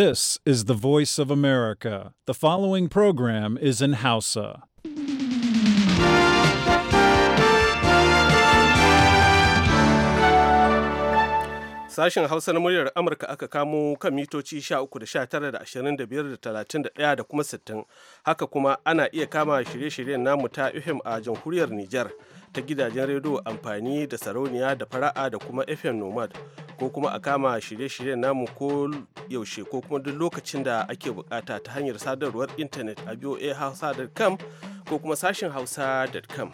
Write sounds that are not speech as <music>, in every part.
This is the voice of America. The following program is in Hausa. Sashen Hausa na muryar Amurka aka kamo kan mitoci 13 da 19 da 25 da da kuma 60. Haka kuma ana iya kama shirye-shiryen namu ta UHIM a jamhuriyar Nijar. ta gidajen rediyo amfani da sarauniya da fara'a da kuma fm nomad ko kuma a kama shirye-shiryen namu ko yaushe ko kuma duk lokacin da ake bukata ta hanyar sadarwar intanet a voahausa.com ko kuma sashin hausa.com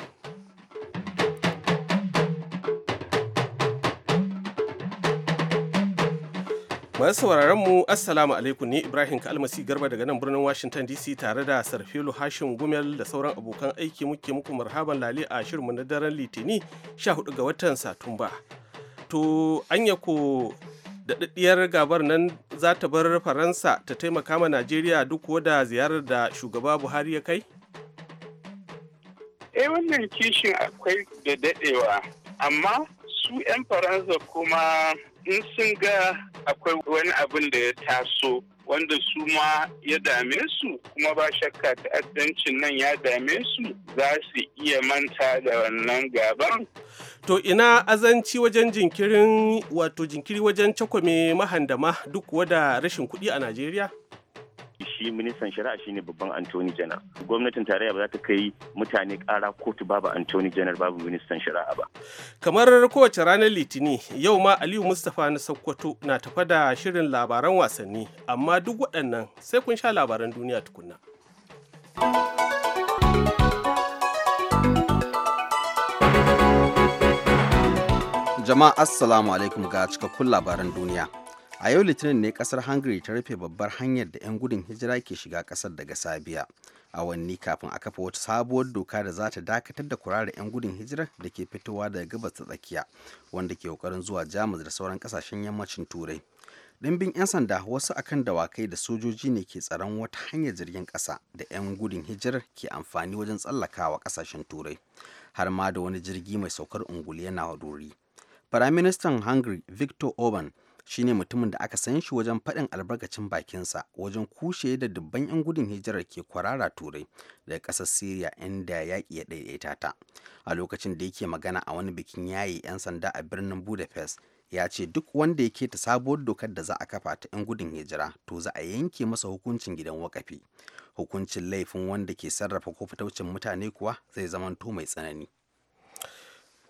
Masu sauraron mu Assalamu alaikum ni Ibrahim Kalmasi Garba daga nan birnin Washington DC tare da Sarfilu Hashim Gumel da sauran abokan aiki muke muku marhaban lali a shirinmu na daren Litini 14 ga watan Satumba. To anya ko daɗaɗɗiyar gabar nan za ta bar Faransa ta taimaka ma Najeriya duk da ziyarar da shugaba Buhari ya kai? Eh wannan kishin akwai da daɗewa amma su 'yan Faransa kuma in sun ga akwai wani abin da ya taso wanda su ma ya dame su kuma ba shakka ta'addancin nan ya dame su za su iya manta da wannan gaban. To ina azanci wajen jinkirin wato jinkiri wajen cakwame mahandama duk wada rashin kuɗi a Najeriya? shi ministan shari'a shine babban antoni janar gwamnatin tarayya ba za ta kai mutane kara kotu babu antoni janar babu ministan shari'a ba kamar kowace ranar litini yau ma aliyu mustapha na sokoto na tafa da shirin labaran wasanni amma duk waɗannan sai kun sha labaran duniya tukunna jama'a assalamu alaikum ga cikakkun labaran duniya a yau litinin ne kasar hungary ta rufe babbar hanyar da 'yan gudun hijira ke shiga kasar daga sabiya a wanni kafin a kafa wata sabuwar doka da za ta dakatar da da 'yan gudun hijira da ke fitowa daga gabas ta tsakiya wanda ke kokarin zuwa jamus da sauran kasashen yammacin turai dimbin 'yan sanda wasu akan dawakai da sojoji ne ke tsaron wata hanyar jirgin ƙasa da 'yan gudun hijirar ke amfani wajen tsallakawa ƙasashen turai har ma da wani jirgi mai saukar ungulu yana dori firaministan hungary victor orban Shi ne mutumin da aka san shi wajen faɗin albarkacin bakinsa wajen kushe da dubban 'yan gudun hijirar ke kwarara turai daga ƙasar siriya inda yaƙi ya ɗaiɗaita ta a lokacin da yake magana a wani bikin yayi 'yan sanda a birnin budapest ya ce duk wanda yake ta sabuwar dokar da za a kafa ta 'yan gudun hijira to za a yanke masa hukuncin gidan wakafi hukuncin laifin wanda ke sarrafa ko fitaucin mutane kuwa zai zamanto mai tsanani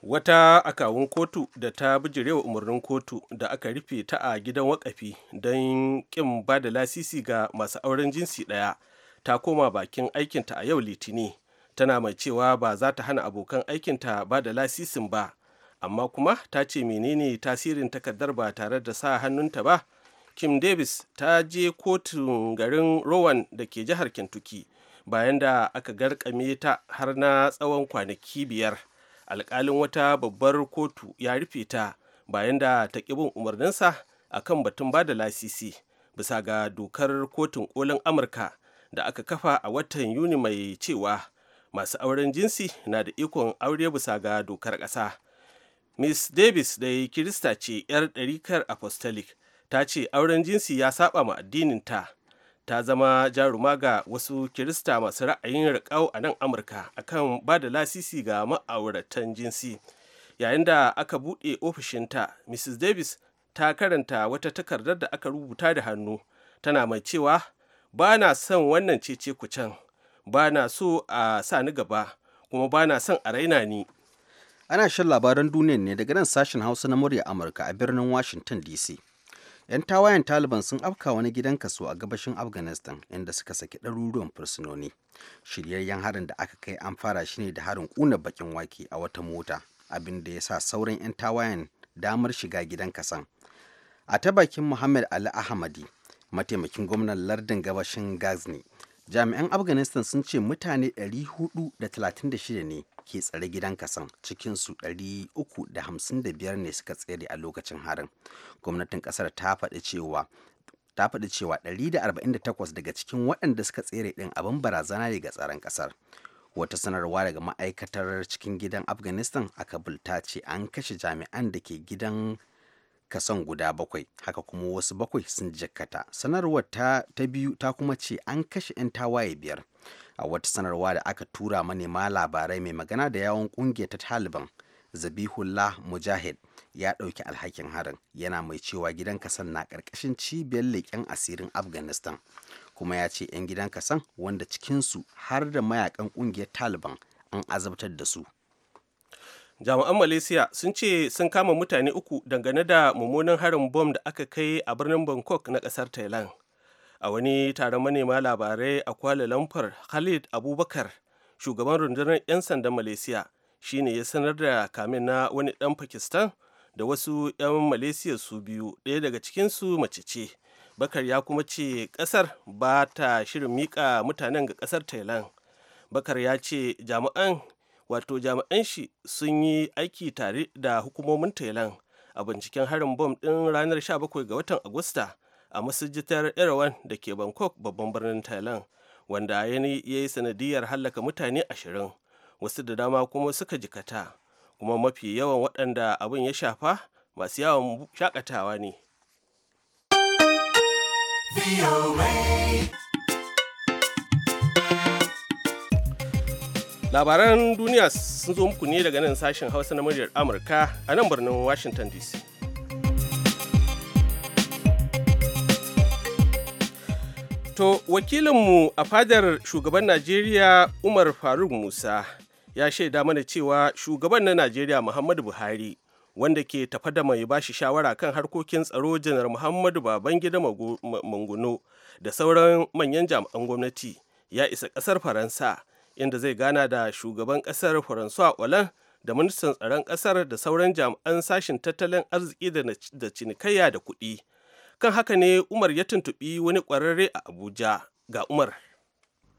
wata akawun kotu da ta bijirewa umarnin kotu da aka rufe ta a gidan wakafi don kin ba da lasisi ga masu auren jinsi ɗaya ta koma bakin aikinta a yau litini tana mai cewa ba za ta hana abokan aikinta ba da lasisin ba amma kuma ta ce menene tasirin takardar ba tare da sa hannunta ba kim davis ta je kotun garin rowan da ke jihar kentucky bayan da aka garkame ta har na tsawon kwanaki biyar alkalin wata babbar kotu ya rufe ta bayan da ta ƙi bin umarninsa a kan batun ba da lasisi bisa ga dokar kotun kolin amurka da aka kafa a watan yuni mai cewa masu auren jinsi na da ikon aure bisa ga dokar ƙasa miss davis da kirista ce 'yar ɗarikar apostolic ta ce auren jinsi ya saba ma addininta ta zama jaruma ga wasu kirista masu ra'ayin riƙau a nan amurka akan ba da lasisi ga ma'auratan jinsi yayin da aka buɗe ofishinta mrs davis ta karanta wata takardar da aka rubuta da hannu tana mai cewa ba na son wannan cece kucan, ba na so a sa ni gaba kuma ba na son a raina ni ana shan labaran duniya ne daga nan sashen hausa na murya amurka a birnin washington dc 'yan tawayen taliban sun afka wani gidan kaso a gabashin afghanistan inda suka saki ɗaruruwan fursunoni shiryayyen harin da aka kai an fara shi ne da harin ƙuna bakin wake a wata mota abin da ya sa sauran 'yan tawayen damar shiga gidan kasan a ta bakin muhammad ali ahmadi mataimakin gwamnan lardin gabashin gazni jami'an afghanistan sun ce mutane 436 ne ke tsare gidan kasan cikinsu 355 ne suka tsere a lokacin harin gwamnatin kasar ta faɗi cewa ta faɗi cewa 148 daga cikin waɗanda suka tsere ɗin abin barazana ne ga tsaron ƙasar wata sanarwa daga ma'aikatar cikin gidan afghanistan a kabul ta ce an kashe jami'an da ke gidan kasan guda bakwai haka kuma wasu bakwai sun jikkata sanarwar ta, ta biyu ta kuma ce an kashe 'yan tawaye biyar a wata sanarwa da aka tura manema labarai mai magana da yawon kungiyar ta taliban zabihullah mujahid ya ɗauki alhakin harin yana mai cewa gidan kasan na ƙarƙashin cibiyar leƙen asirin afghanistan kuma ya ce 'yan gidan kasan wanda cikinsu har da mayakan kungiyar taliban an azabtar da su jami'an malaysia sun ce sun kama mutane uku dangane da mummunan harin bom da aka kai a birnin bangkok na ƙasar thailand a wani taron manema labarai a kuala lumpur khalid abubakar shugaban rundunar 'yan sandan malaysia shine ya sanar da kamin na wani dan pakistan da wasu 'yan malaysia su biyu ɗaya daga cikinsu mace ce bakar ya kuma ce ƙasar ba ta shirin mika mutanen ga ƙasar thailand bakar ya ce jami'an wato jami'an shi sun yi aiki tare da hukumomin tailan a binciken harin bom ɗin ranar 17 ga watan agusta a masijitar erawan da ke bangkok babban birnin tailan, wanda ya yi sanadiyar hallaka mutane ashirin wasu da dama kuma suka jikata kuma mafi yawan waɗanda abin ya shafa masu yawon shakatawa ne. labaran duniya sun zo muku ne daga nan sashen hausa na muryar amurka a nan birnin washington dc to wakilinmu a fadar shugaban najeriya umar faruk musa ya shaida mana cewa shugaban na najeriya muhammadu buhari wanda ke tafa da mai bashi shawara kan harkokin tsaro janar muhammadu babangida manguno da sauran manyan jami'an gwamnati ya isa ƙasar faransa inda zai gana da shugaban kasar faransuwa olan da ministan tsaron kasar da sauran jami'an sashen tattalin arziki da cinikayya da kuɗi kan haka ne umar ya tuntuɓi wani ƙwararre a abuja ga umar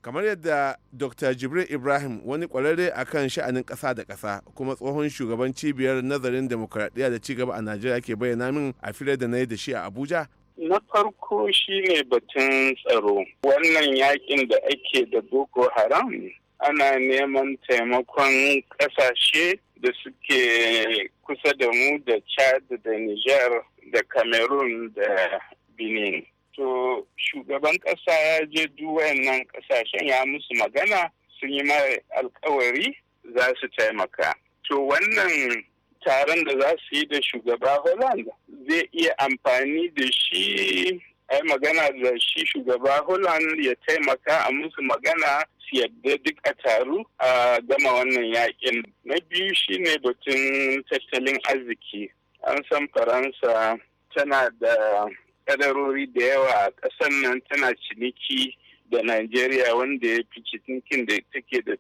kamar yadda dr jibril ibrahim wani kwararre a kan sha'anin ƙasa da ƙasa kuma tsohon shugaban cibiyar nazarin demokuraɗiyya da cigaba a najeriya ke bayyana min a fira da na yi da shi a abuja na farko shine batun tsaro wannan yakin da ake da boko haram ana neman taimakon ƙasashe da suke kusa da mu da chad da niger da cameroon da benin to shugaban ƙasa ya je duwayen ƙasashen ya musu magana sun yi mai alkawari za su taimaka to wannan taron da za su yi da shugaba Holland zai iya amfani da shi ai magana da shi shugaba Holland ya taimaka a musu magana yadda duk a taru a gama wannan yakin. Na biyu shine batun tattalin arziki. An san Faransa tana da kadarori da yawa a ƙasar nan tana ciniki da Najeriya wanda ya fi cikin da take da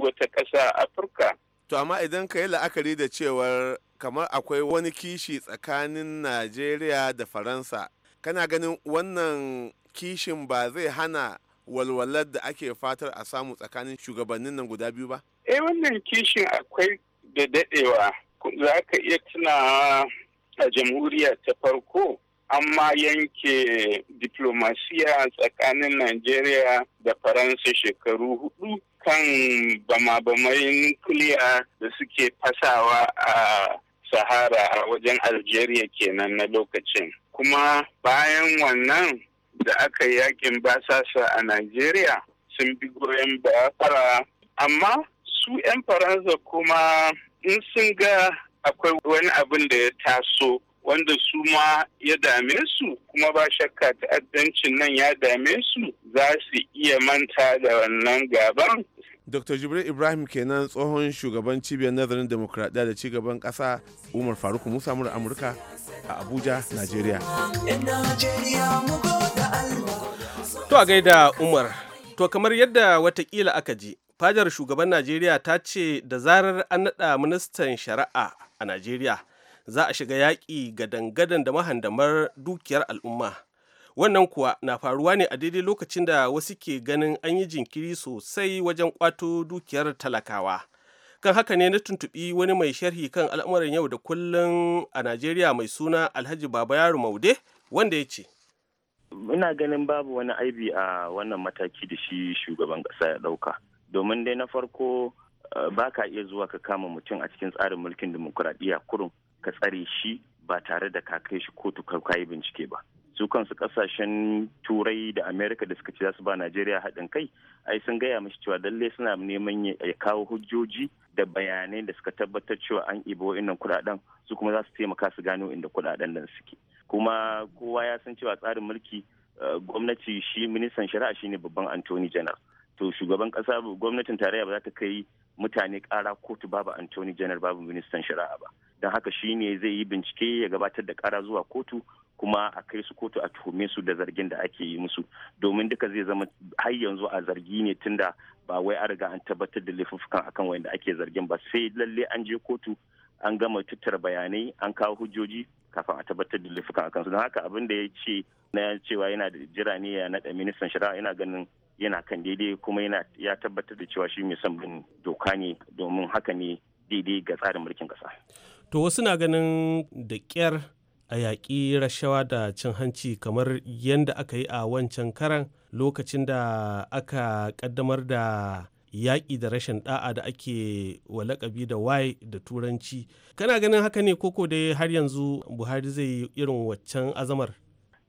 wata ƙasa a Afirka. To amma idan ka yi la'akari da cewar kamar akwai wani kishi tsakanin Najeriya da Faransa, kana ganin wannan kishin ba zai hana walwalar da ake fatar a samu tsakanin shugabannin nan guda biyu ba? Eh wannan kishin akwai da daɗewa. za ka iya tuna a jamhuriya ta farko amma yanke diplomasiya tsakanin Najeriya da Faransa shekaru hudu kan bama-bamai nukiliya da suke fasawa a Sahara a wajen Algeria kenan na lokacin. Kuma bayan wannan da aka yi yakin basasa a Najeriya sun bi goyon fara amma su 'yan faransa kuma in sun ga akwai wani abin da ya taso wanda su ma ya dame su kuma ba shakka ta'addancin nan ya dame su za su iya manta da wannan gaban dr jibril ibrahim kenan tsohon shugaban cibiyar nazarin demokradiyya da cigaban ƙasa umar faruk musa mura amurka a abuja nigeria to a gaida umar to kamar yadda watakila aka ji fajar shugaban najeriya ta ce da zarar an naɗa ministan shari'a a najeriya za a shiga yaƙi ga dangadan da mahandamar dukiyar al'umma wannan kuwa na faruwa ne a daidai lokacin da wasu ke ganin an yi jinkiri sosai wajen kwato dukiyar talakawa kan haka ne na tuntuɓi wani mai sharhi kan al'amuran yau da kullun a najeriya mai suna alhaji baba yaro maude wanda ya ce ina ganin babu wani aibi a wannan mataki da shi shugaban ƙasa ya ɗauka domin dai na farko eh, ba ka iya zuwa ka kama mutum a cikin tsarin mulkin dimokuraɗiyya kurum ka tsare shi ba tare da ka kai shi kotu ka yi bincike ba su kansu kasashen turai da amerika da suka ce za su ba najeriya haɗin kai ai sun gaya mashi cewa lalle suna neman ya kawo hujjoji da bayanai da suka tabbatar cewa an ibo wa'innan kuɗaɗen su kuma za su taimaka su gano inda kuɗaɗen nan suke kuma kowa ya san cewa tsarin mulki eh, gwamnati shi ministan shari'a shine babban antoni janar to shugaban kasa gwamnatin tarayya ba za ta kai mutane kara kotu babu antoni janar babu ministan shari'a ba don haka shi ne zai yi bincike ya gabatar da kara zuwa kotu kuma a kai su kotu a tuhume su da zargin da ake yi musu domin duka zai zama har yanzu a zargi ne tunda ba wai a riga an tabbatar da laifuffukan akan wanda ake zargin ba sai lalle an je kotu an gama tattara bayanai an kawo hujjoji kafin a tabbatar da laifukan akan su don haka abin da ya ce na cewa yana da jira ne ya naɗa ministan shari'a yana ganin yana kan daidai kuma yana ya tabbatar da cewa shi mai son bin doka ne domin haka ne daidai ga tsarin mulkin kasa. To wasu na ganin da ƙyar a yaƙi rashawa da cin hanci kamar yadda aka yi a wancan karan lokacin da aka ƙaddamar da yaƙi da rashin ɗa'a da ake walakabi da y da turanci kana ganin haka ne koko dai har yanzu buhari zai yi irin waccan azamar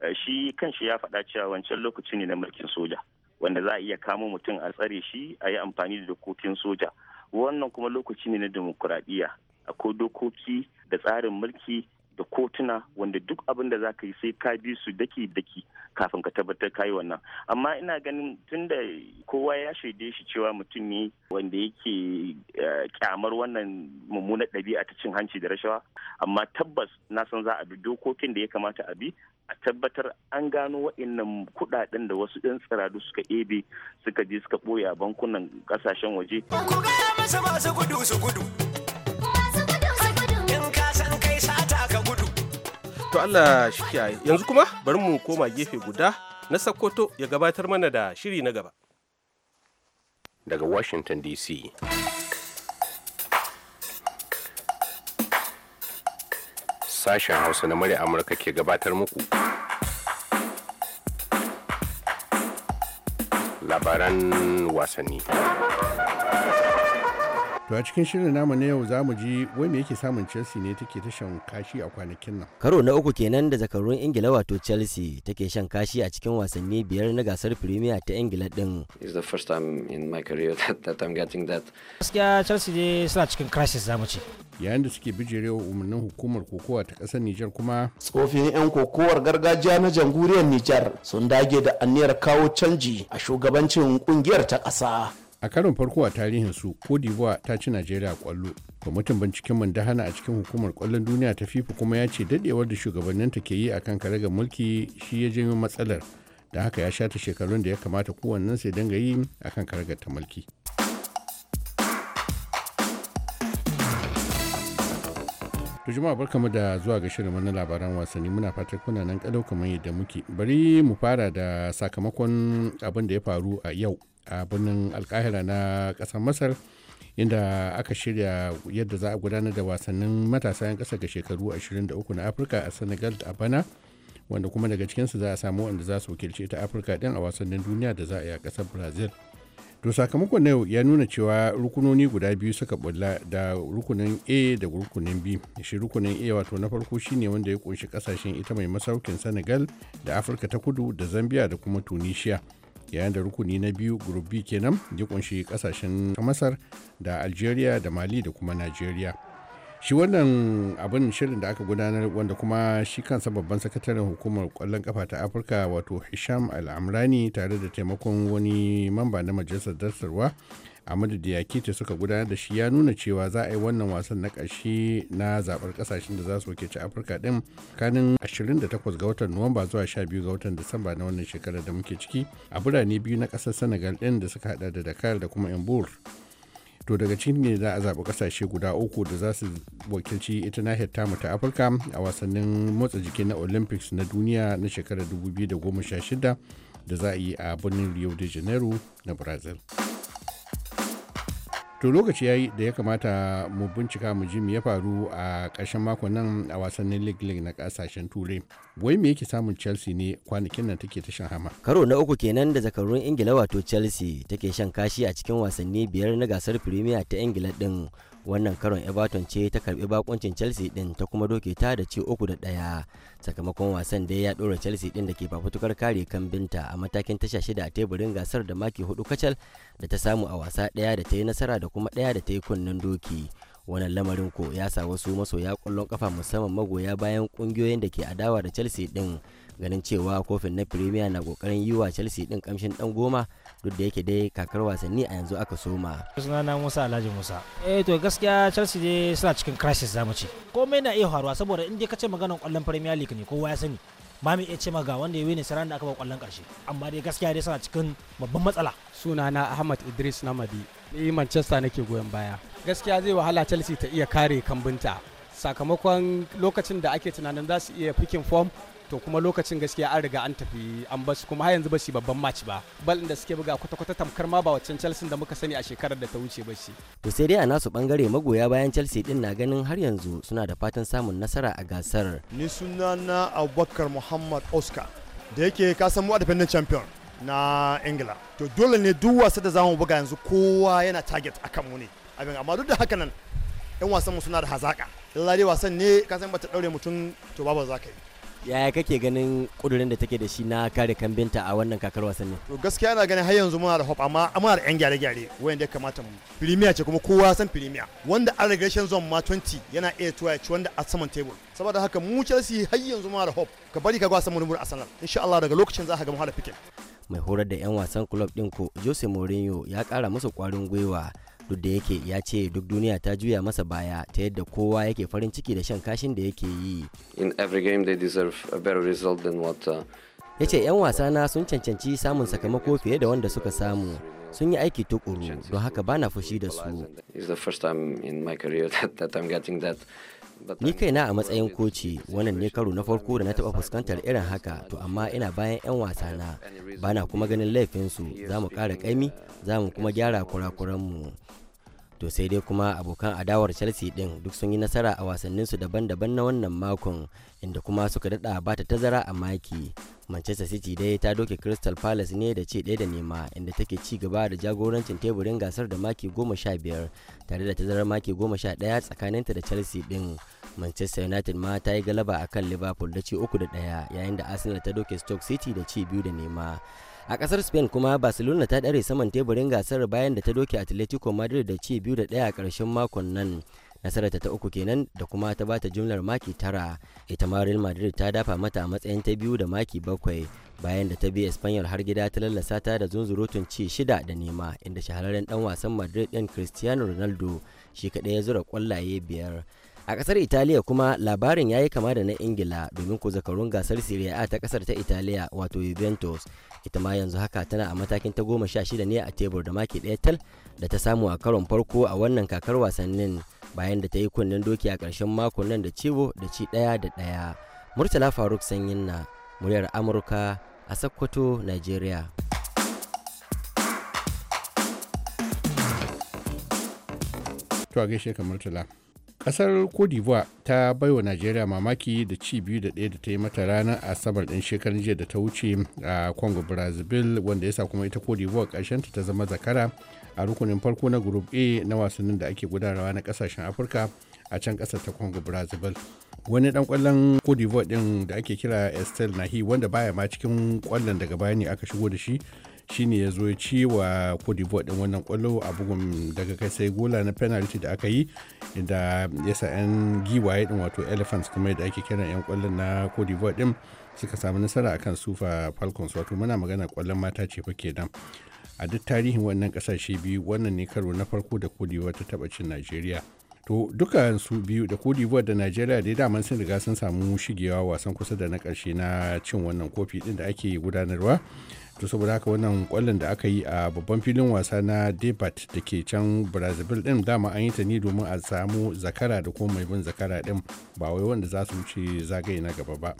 eh, shi kanshi ya faɗa cewa wancan lokaci ne na mulkin soja wanda za a iya kama mutum a tsare shi a yi amfani da dokokin soja wannan kuma lokaci ne na demokuraɗiyya akwai dokoki da tsarin mulki da kotuna wanda duk abin da za ka yi sai ka bi su daki-daki kafin ka tabbatar ka yi wannan amma ina ganin tunda kowa ya shaide shi cewa mutum ne wanda yake eh, kyamar wannan mummunar ɗabi'a ta cin hanci da rashawa amma tabbas na san za a bi dokokin da ya kamata a bi a tabbatar an gano waɗannan kuɗaɗen da wasu ɗan tsiradu suka ebe suka je suka ɓoye a bankunan ƙasashen waje. Ku gaya masa masu gudu su gudu. Masu gudu su In ka san kai sa to Allah shi kiyaye yanzu kuma bari mu koma gefe guda na Sokoto ya gabatar mana da shiri na gaba daga washington dc sashen hausa na murya amurka ke gabatar muku labaran wasanni To a cikin shirin namu na yau zamu mu ji wai me yake samun Chelsea ne take ta shan kashi a kwanakin nan. Karo na uku kenan da zakarun Ingila wato Chelsea take shan kashi a cikin wasanni biyar na gasar Premier ta Ingila din. It's the first time in my career <laughs> that, that I'm getting that. Gaskiya Chelsea dai suna cikin crisis zamu ce. Yayin da suke bijirewa umarnin hukumar kokowa ta ƙasar Nijar kuma. Tsofin 'yan kokowar gargajiya na jamhuriyar Nijar sun dage da aniyar kawo canji a shugabancin kungiyar ta kasa. a karin farko a tarihin su d'ivoire ta ci najeriya kwallo kwamitin binciken mandahana a cikin hukumar kwallon duniya ta fifa kuma ya ce dadewar da shugabanninta ke yi akan karagar mulki shi ya janyo matsalar da haka ya shata shekarun da ya kamata kowannen sai dinga yi akan karagar ta mulki to jama'a barkamu da zuwa ga shirin wani labaran wasanni muna fatar kuna nan kalau kamar yadda muke bari mu fara da sakamakon abin da ya faru a yau a birnin alkahira na kasar masar inda aka shirya yadda za a gudanar da wasannin matasa 'yan kasa ga shekaru 23 na afirka a senegal a bana wanda kuma daga cikinsu za a samu wanda za su wakilci ta afirka din a wasannin duniya da za a yi a kasar brazil to sakamakon na yau ya nuna cewa rukunoni guda biyu suka bulla da rukunin a da rukunin b shi rukunin a wato na farko shine wanda ya kunshi kasashen ita mai masaukin senegal da afirka ta kudu da zambia da kuma tunisia yayin da rukuni na biyu group b kenan ya kunshi kasashen masar da algeria da mali da kuma nigeria shi wannan abin shirin da aka gudanar wanda kuma shi kansa babban sakataren hukumar kwallon kafa ta afirka wato hisham al'amrani tare da taimakon wani mamba na majalisar dasarwa amadu diakite suka gudanar da shi ya nuna cewa za a yi wannan wasan na ƙarshe na zaɓar ƙasashen da za su ci afirka ɗin kanin 28 ga watan nuwamba zuwa 12 ga watan disamba na wannan shekarar da muke ciki a birane biyu na ƙasar senegal ɗin da suka haɗa da dakar da kuma embur to daga cikin ne za a zaɓi ƙasashe guda uku da za su wakilci ita nahiyar tamu ta afirka a wasannin motsa jiki na olympics na duniya na shekarar 2016 da za a yi a birnin rio de janeiro na brazil. to lokaci ya yi da ya kamata mu bincika mu ji ya faru a ƙarshen makon nan a wasannin league league na ƙasashen turai wai me yake samun chelsea ne kwanakin nan take ta shan hama karo na uku kenan da zakarun ingila wato chelsea take shan kashi a cikin wasanni biyar na gasar premier ta ingila din wannan karon everton ce ta karbi bakuncin chelsea din ta kuma doke ta da ci uku da daya sakamakon wasan da ya dora chelsea din da ke fafutukar kare kan Binta a matakin tasha shida a teburin gasar da maki hudu kacal da ta samu a wasa daya da ta yi nasara da kuma daya da ta yi kunnen doki wannan lamarin ko ya sa wasu masoya kwallon kafa musamman magoya bayan kungiyoyin da ke adawa da chelsea din ganin cewa kofin na premier na kokarin yi wa chelsea din kamshin dan goma duk da yake dai kakar wasanni a yanzu aka soma sunana musa alhaji musa eh to gaskiya chelsea dai suna cikin crisis mu ce komai na iya faruwa saboda in dai ce maganar kwallon premier league ne kowa ya sani ba mu ce ma ga wanda ya wini saran da aka ba kwallon karshe amma dai gaskiya dai suna cikin babban matsala sunana ahmad idris namadi ni manchester nake goyon baya gaskiya zai wahala chelsea ta iya kare kambinta sakamakon lokacin da ake tunanin za su iya fikin form to kuma lokacin gaskiya an riga an tafi an basu kuma har yanzu ba shi babban match ba bal da suke buga kwata-kwata tamkar ma ba waccan Chelsea da muka sani a shekarar da ta wuce ba shi to sai dai a nasu bangare magoya bayan Chelsea din na ganin har yanzu suna da fatan samun nasara a gasar ni sunana Abubakar Muhammad Oscar da yake ka san mu a champion na ingila to dole ne duk wasa da zamu buga yanzu kowa yana target akan mu ne abin amma duk da haka nan yan wasan mu suna da hazaka lallai wasan ne ka san bata daure mutum to babu za ka yi yaya kake ganin kudurin da take da shi na kare kambinta a wannan kakar ne to gaskiya ana ganin har yanzu muna da hope amma muna da yan gyare gyare wanda ya kamata mu premier ce kuma kowa san premier wanda a regression zone ma 20 yana a tuwa ci wanda a saman table saboda haka mu Chelsea har yanzu muna da hope ka bari ka ga wasan mu Arsenal insha Allah daga lokacin za ka ga mu hada fikin mai horar da 'yan wasan club ɗin ko jose mourinho ya kara masa kwarin gwiwa duk da yake ya ce duk duniya ta juya masa baya ta yadda kowa yake farin ciki da shan kashin da yake yi in every game they deserve a better result than what uh... ya ce 'yan wasa na sun cancanci samun sakamako fiye da wanda suka samu sun yi aiki tukuru don haka bana fushi da su <laughs> ni kaina a matsayin koci wannan ne karo na farko da na taba fuskantar irin haka to amma ina bayan 'yan wasa na bana kuma ganin laifinsu za mu kara kaimi uh, za mu kuma gyara kurakuranmu to sai dai kuma abokan adawar chelsea din duk sun yi nasara a wasanninsu daban-daban na wannan makon inda kuma suka dada ba ta tazara a maki manchester city dai ta doke crystal palace ne da ce ɗaya da nema inda take ci gaba da jagorancin teburin gasar da maki goma sha biyar tare da tazarar maki goma sha ɗaya tsakaninta da chelsea din manchester united ma ta yi galaba a kan liverpool da ci uku da ɗaya yayin da arsenal ta doke stoke city da ci biyu da nema a kasar spain kuma barcelona ta dare saman teburin gasar bayan da ta doke atletico madrid da ci biyu da ɗaya a ƙarshen makon nan nasararta ta uku kenan da kuma ta bata jumlar maki tara ita ma real madrid ta dafa mata a matsayin ta biyu da maki bakwai bayan da ta bi espanyol har gida ta lallasa ta da zunzurutun ci shida da nema inda shahararren dan wasan madrid ɗin cristiano ronaldo shi kaɗai ya zura kwallaye biyar a kasar italiya kuma labarin ya yi kama da na ingila domin ko zakarun gasar serie a ta kasar ta italiya wato juventus ita ma yanzu haka tana a matakin ta goma sha shida ne a tebur da maki ɗaya tal da ta samu a karon farko a wannan kakar wasannin bayan da ta yi kunnen doki a ƙarshen makon nan da ciwo da ci ɗaya da ɗaya murtala faruk sanyin na muryar amurka a sokoto nigeria to a gaishe ka murtala kasar cote d'ivoire ta baiwa najeriya mamaki da ci biyu da ɗaya da ta yi mata rana a asabar ɗin shekarun jiya da ta wuce a congo brazil wanda ya sa kuma ita cote d'ivoire ƙarshenta ta zama zakara a rukunin farko na group a na wasannin da ake gudanarwa na ƙasashen afirka a can kasar ta congo brazil wani dan kwallon cote d'ivoire din da ake kira estelle nahi wanda baya ma cikin kwallon daga baya ne aka shigo da shi shine ya zo ci wa din wannan kwallo a bugun daga kai sai gola na penalty da aka yi da ya sa yan giwaye din wato elephants kuma da ake kiran yan kwallon na cote d'ivoire din suka samu nasara akan sufa falcons wato muna magana kwallon mata ce fa dan a duk tarihin wannan kasashe biyu wannan ne karo na farko da cote d'ivoire ta taba cin najeriya to duka su biyu da kodi d'ivoire da nigeria da dama sun riga sun samu shigewa wasan kusa da na karshe na cin wannan kofi din da ake gudanarwa to saboda haka wannan kwallon da aka yi a babban filin wasa na debat da ke can brazil din dama an yi ta ne domin a samu zakara da kuma mai bin zakara din ba wai wanda za su wuce zagaye na gaba ba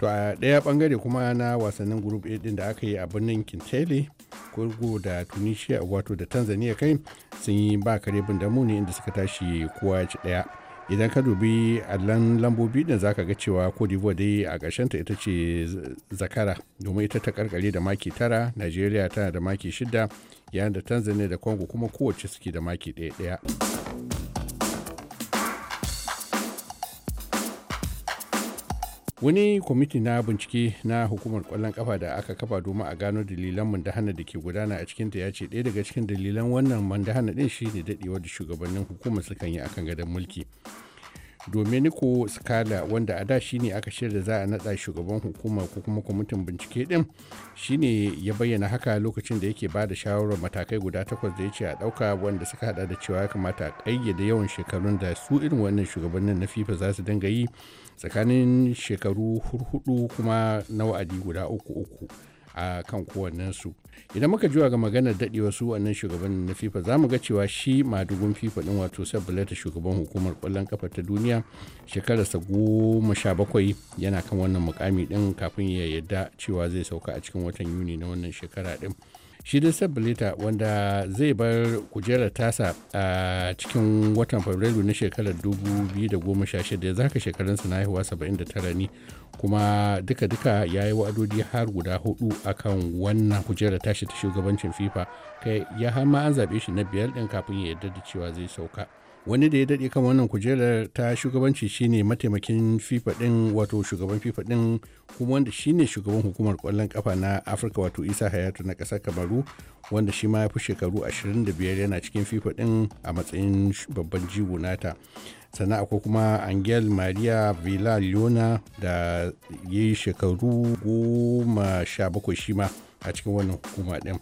to a ɗaya bangare kuma na wasannin group a din da aka yi a birnin kintele kurgu da tunisia wato da tanzania kai sun yi ba kare bin damu ne inda suka tashi kowa ci daya idan ka dubi allon lambobi din zaka ga cewa cote d'ivoire dai a ta ita ce zakara domin ita ta karkare da maki tara nigeria tana da maki shida yayin da tanzania da congo kuma kowace suke da maki ɗaya ɗaya wani kwamiti na bincike na hukumar kwallon kafa da aka kafa domin a gano dalilan mandahana da ke gudana a cikinta ya ce ɗaya daga cikin dalilan wannan mandahana ɗin shi ne daɗewa da shugabannin hukumar sukan yi akan gadon mulki domenico scala wanda a da shi ne aka shirya za a naɗa shugaban hukuma ko kuma kwamitin bincike ɗin shi ne ya bayyana haka lokacin da yake ba da shawarar matakai guda takwas da ya ce a ɗauka wanda suka hada da cewa ya kamata a ƙayyade yawan shekarun da su irin wannan shugabannin na fifa za su dinga yi tsakanin shekaru hudu kuma na wa'adi guda uku uku a kan kowannensu idan muka juwa ga maganar daɗewa su wannan shugaban na fifa za mu ga cewa shi madugun fifa ɗin wato sabbalata shugaban hukumar kwallon kafa ta duniya shekararsa goma sha bakwai yana kan wannan mukami din kafin ya yarda cewa zai sauka a cikin watan yuni na wannan shekara din. shi dai sabbalita wanda zai bar kujerar tasa a cikin watan fabrairu na shekarar 2016 za zaka shekarunsa na haihuwa 79 ne kuma duka-duka ya yi wa'adodi har guda hudu akan wannan kujerar tashi ta shugabancin fifa kai ya har ma an zaɓe shi na biyar ɗin kafin ya yarda da cewa zai sauka wani da ya daɗe kan wannan kujerar ta shugabanci shine mataimakin fifa ɗin wato shugaban fifa ɗin kuma wanda shine shugaban hukumar kwallon kafa na afirka wato isa hayatu na kasar kamaru wanda shi ma ya fi shekaru 25 yana cikin fifa ɗin a matsayin babban jigo nata sannan akwai kuma angel maria villa leona da ya yi shekaru goma sha bakwai shi ma a cikin wannan hukuma ɗin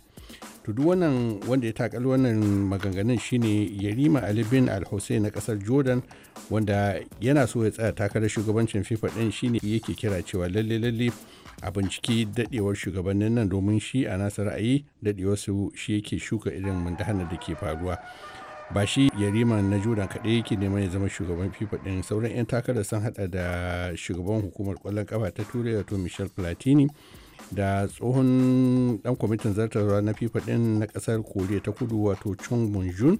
to duk wannan wanda ya takal wannan maganganun shine yarima ali bin al hussein na kasar jordan wanda yana so ya tsaya takarar shugabancin fifa din shine yake kira cewa lalle lalle a binciki daɗewar shugabannin nan domin shi a nasa ra'ayi su shi yake shuka irin mundahanar da ke faruwa ba shi yarima na jordan kaɗai yake neman ya zama shugaban fifa ɗin sauran 'yan takarar sun hada da shugaban hukumar kwallon kafa ta turai wato michel platini da tsohon dan kwamitin zartarwa na fifa din na kasar koriya ta kudu wato chung munjun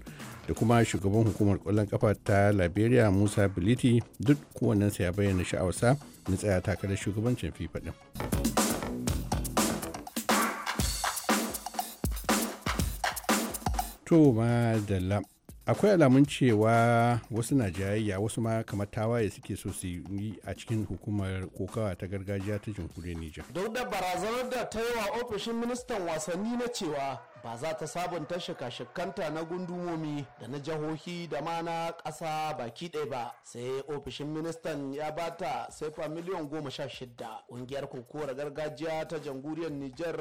da kuma shugaban hukumar kwallon kafa ta liberia musa biliti duk kowannensa ya bayyana sha'awarsa na tsaya takarar shugabancin fifa din to madalla akwai alamun cewa wasu na jayayya wasu ma kamar tawaye suke so su yi a cikin hukumar kokawa ta gargajiya ta jamhuriyar Nija. Duk da barazanar da ta yi wa ofishin ministan wasanni na cewa ba za ta sabunta shika-shikanta na gundumomi da na jihohi da ma na ƙasa baki ɗaya ba sai ofishin ministan ya bata saifa miliyan goma sha shida ƙungiyar kokowar gargajiya ta jamhuriyar nijar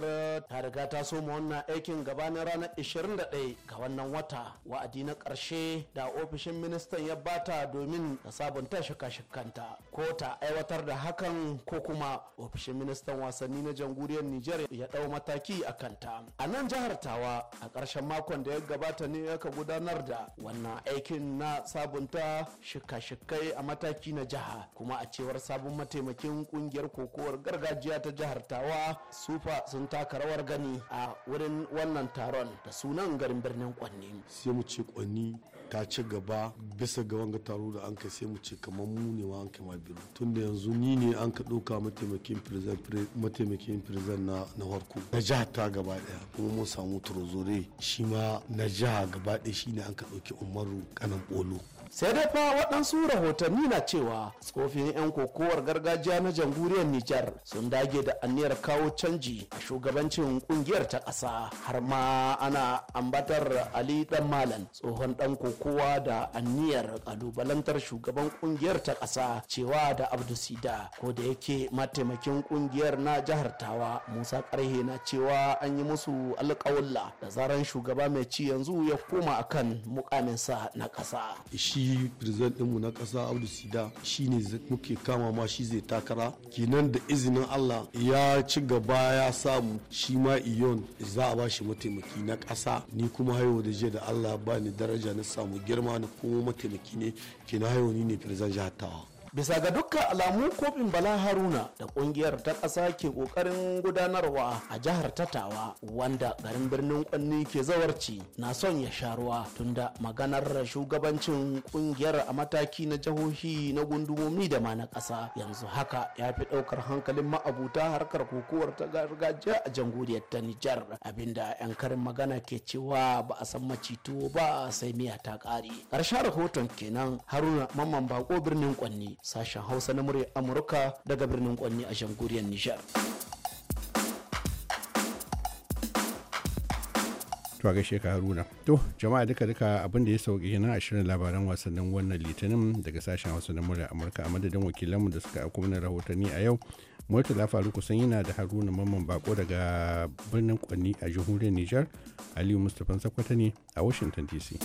ta riga ta soma wannan aikin gaba gabanin ranar 21 ga wannan wata wa'adi na ƙarshe da ofishin ministan ya bata domin ta sabunta shika-shikanta ko ta aiwatar da hakan ko kuma ofishin ministan wasanni na jamhuriyar nijar ya ɗau mataki a kanta a nan jihar tawa a ƙarshen makon da ya gabata ne aka gudanar da wannan aikin na sabunta shika-shikai a mataki na jiha kuma a cewar sabon mataimakin ƙungiyar kokowar gargajiya ta jihar tawa sufa sun taka rawar gani a wurin wannan taron da sunan garin birnin kwanni sai mu ce kwanni ta ci gaba bisa ga wanga taro da an ka sai mu ce kamar mu ne wa an kai biro tun da yanzu ni ne an ka ɗauka mataimakin firzan mataimakin firzan na na farko na jiha ta gaba ɗaya kuma mun samu turozore shi ma na jiha gaba daya shi ne an ka ɗauki umaru kanan bolo sai dai fa waɗansu rahotanni na cewa tsofin 'yan kokowar gargajiya na jamhuriyar nijar sun dage da aniyar kawo canji a shugabancin kungiyar ta ƙasa har ma ana ambatar ali dan malam tsohon dan kokowa da aniyar kalubalantar shugaban kungiyar ta ƙasa cewa da sida ko da yake mataimakin kungiyar na jihar tawa musa karhe na cewa an yi musu alƙawulla da zaran shugaba mai ci yanzu ya koma akan mukaminsa na ƙasa shi president dinmu na kasa abdu sida ne muke kama ma shi zai takara kenan da izinin allah ya ci gaba ya samu shi ma iyon za a shi mataimaki na kasa ni kuma haihuwa da jiya da allah ba ni daraja na samu girma na kuma mataimaki ne kenan haihuwa ni ne president jihar tawa bisa ga dukkan alamu kofin bala haruna da kungiyar ta ƙasa ke ƙoƙarin gudanarwa a jihar tatawa wanda garin birnin kwanni ke zawarci na son ya sharuwa tunda maganar shugabancin kungiyar a mataki na jihohi na gundumomi da ma na ƙasa yanzu haka ya fi ɗaukar hankalin ma'abuta harkar kokowar ta gargajiya a jamhuriyar ta nijar abinda 'yan karin magana ke cewa ba a san macito ba sai miya ta ƙare ƙarshen rahoton kenan haruna mamman bako birnin kwanni sashen hausa na murya amurka daga birnin kwanni a shanguriyar nijar tuwa gaishe ka haruna to jama'a duka duka abin da ya sauke na a shirin labaran wasannin wannan litinin daga sashen hausa na murya amurka a madadin wakilanmu da suka aiko mana rahotanni a yau murtala faru kusan yana da haruna mamman bako daga birnin kwanni a jamhuriyar nijar aliyu mustapha sakwata ne a washington dc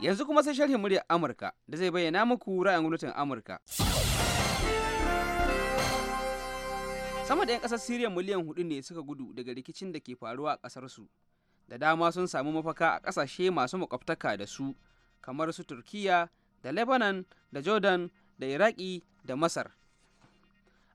Yanzu kuma sai sharhin muryar Amurka da zai bayyana muku ra'ayin gwamnatin Amurka. Sama da 'yan ƙasar Siriya miliyan hudu ne suka gudu daga rikicin da ke faruwa a ƙasarsu. Da dama sun samu mafaka a ƙasashe masu makwabtaka da su, kamar su Turkiya, da Lebanon, da Jordan, da Iraki, da Masar.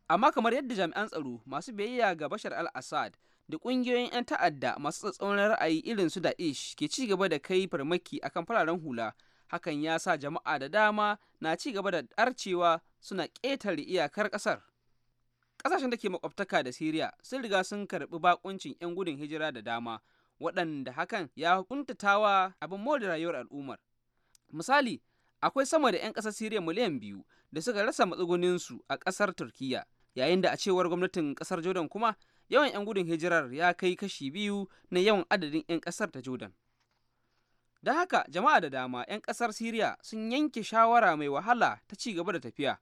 Amma kamar yadda jami'an tsaro masu biyayya ga Bashar al-Assad da ƙungiyoyin 'yan ta'adda masu tsatsauran ra'ayi irin su Ish ke ci gaba da kai farmaki akan fararen hula hakan ya sa jama'a da dama na ci gaba da arcewa suna ƙetare iyakar ƙasar ƙasashen da ke makwabtaka da siriya sun riga sun karɓi bakuncin 'yan gudun hijira da dama waɗanda hakan ya kuntatawa abin more rayuwar al'ummar misali akwai sama da 'yan ƙasar siriya miliyan biyu da suka rasa matsuguninsu a ƙasar Turkiyya. yayin da a cewar gwamnatin kasar jordan kuma yawan 'yan gudun hijirar ya kai kashi biyu na yawan adadin 'yan kasar ta jordan da haka jama'a da dama 'yan kasar syria sun yanke shawara mai wahala ta ci gaba da tafiya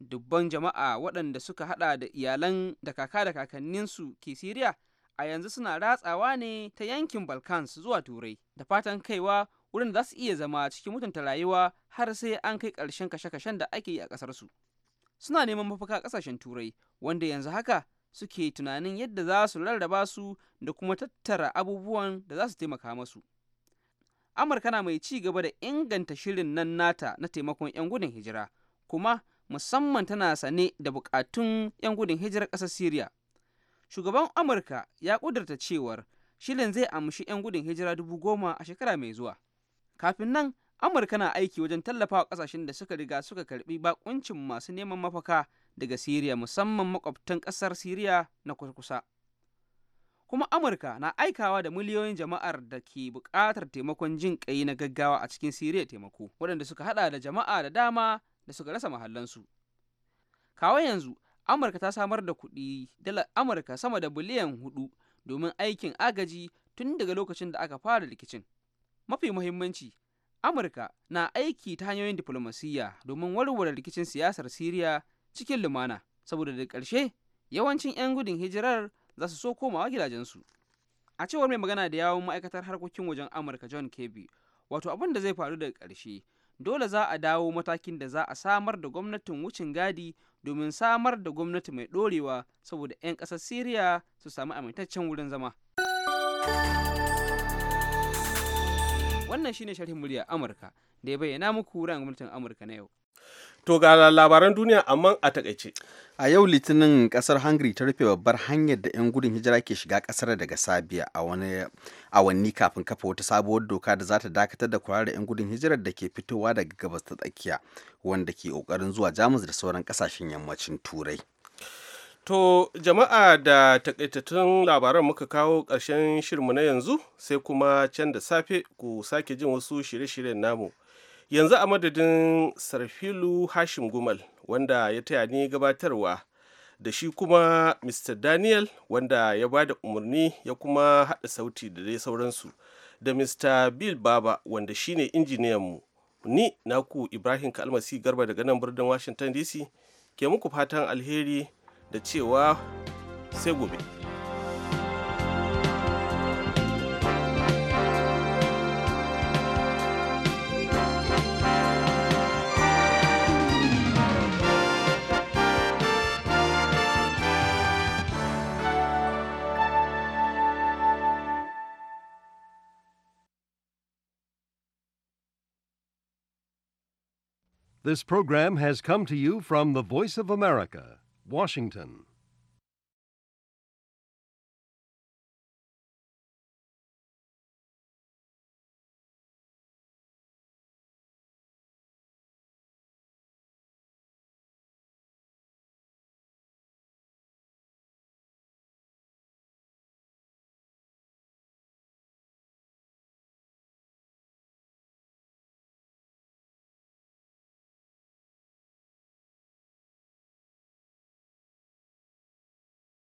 dubban jama'a waɗanda suka hada da iyalan da kaka da kakanninsu ke syria a yanzu suna ratsawa ne ta yankin balkans zuwa turai da fatan kaiwa wurin da za su iya zama cikin mutunta rayuwa har sai an kai ƙarshen kashe-kashen da ake yi a ƙasarsu. suna neman mafaka ƙasashen turai wanda yanzu haka suke tunanin yadda za su rarraba su da kuma tattara abubuwan da za su taimaka masu amurka na mai ci gaba da inganta shirin nan nata na taimakon 'yan gudun hijira kuma musamman tana sane da bukatun 'yan gudun hijirar ƙasar syria shugaban amurka ya kudurta cewar shirin zai amshi 'yan gudun hijira dubu goma a shekara mai zuwa kafin nan amurka na aiki wajen tallafawa kasashen da suka riga suka karbi bakuncin masu neman mafaka daga siriya musamman makwabtan kasar siriya na kusa kuma amurka na aikawa da miliyoyin jama'ar da ke buƙatar taimakon jin ƙai na gaggawa a cikin siriya taimako waɗanda suka hada da jama'a da dama da suka rasa mahallansu Kawo yanzu amurka ta samar da kuɗi dala amurka sama da biliyan hudu domin aikin agaji tun daga lokacin da aka fara rikicin mafi muhimmanci amurka na aiki ta hanyoyin diflomasiyya domin warware rikicin siyasar siriya cikin lumana saboda da ƙarshe yawancin 'yan gudun hijirar za su so komawa gidajensu a cewar mai magana da yawon ma'aikatar harkokin wajen amurka john kirby wato abin da zai faru daga ƙarshe dole za a dawo matakin da za a samar da gwamnatin wucin gadi domin samar da gwamnati mai ɗorewa saboda 'yan ƙasar siriya su sami amintaccen wurin zama. Wannan shine sharhin murya Amurka da ya bayyana muku ran gwamnatin Amurka na yau. To ga labaran duniya amma a takaice. A yau litinin kasar Hungary ta rufe babbar hanyar da 'yan gudun hijira ke shiga kasar daga Sabiya a wani awanni kafin kafa wata sabuwar doka da za ta dakatar da kula da 'yan gudun hijirar da ke fitowa daga gabas ta tsakiya wanda ke kokarin zuwa Jamus da sauran kasashen yammacin Turai. To jama'a da takaitattun labaran muka kawo ƙarshen shirmu na yanzu sai kuma can da safe ku sake jin wasu shirye-shiryen namu. Yanzu a madadin Sarfilu Hashim Gumal wanda ya taya ni gabatarwa da shi kuma Mr. Daniel wanda ya ba da umarni ya kuma haɗa sauti da dai sauransu da Mr. Bill Baba wanda shi shine injiniyanmu. Ni naku Ibrahim Kalmasi Garba daga nan birnin Washington DC ke muku fatan alheri. da cewa sai gobe. This program has come to you from the Voice of America. Washington.